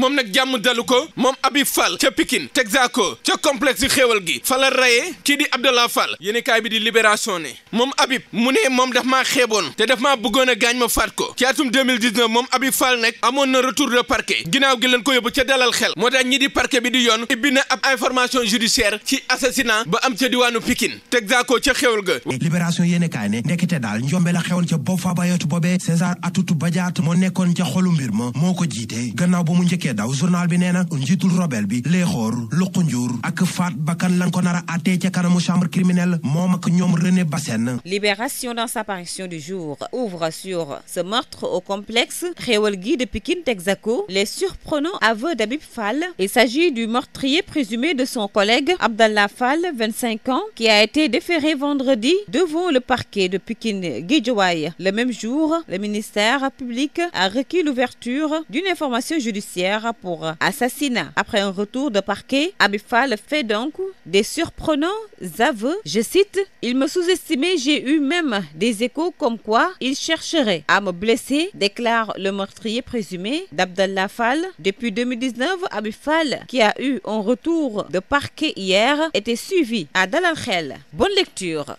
moom nag jàmm dalu ko moom Habib Fall ca Pikine Texaco ca complexe xéewal gi fa la kii di Abdallah Fall yéenekaay bi di Libération ne moom Habib mu ne moom daf maa xeeboon te daf maa bëggoon a gaañ ma faat ko ci atum 2019 moom Habib Fall nag amoon na retour de parquet ginnaaw gi leen ko yóbbu ca dalal xel moo tax ñi di parquet bi di yoon ibbi na ab information judiciaire ci assassinat ba am ca diwaanu Pikine Texaco ca xéewal ga Libération yéenekaay ne ndekete daal njombe la xewoon ca Boffa Bayotte boobee César Atutu moo nekkoon ca xolu mbir ma moo ko jiite Libération dans sa parution du jour ouvre sur ce meurtre au complexe Xéewal de Pikine Texaco les surprenants aveux d'Abib Fall il s'agit du meurtrier présumé de son collègue Abdallah Fall 25 ans qui a été déféré vendredi devant le parquet de Pikine Guédiawaye le même jour le ministère public a requis l'ouverture d'une information judiciaire pour assassinat. Après un retour de parquet, Abifal fait donc des surprenants aveux. Je cite Il me sous-estimait, j'ai eu même des échos comme quoi il chercherait à me blesser, déclare le meurtrier présumé d'Abdallah Fall. Depuis 2019, Abifal, qui a eu un retour de parquet hier, était suivi à Dalalkhel. Bonne lecture.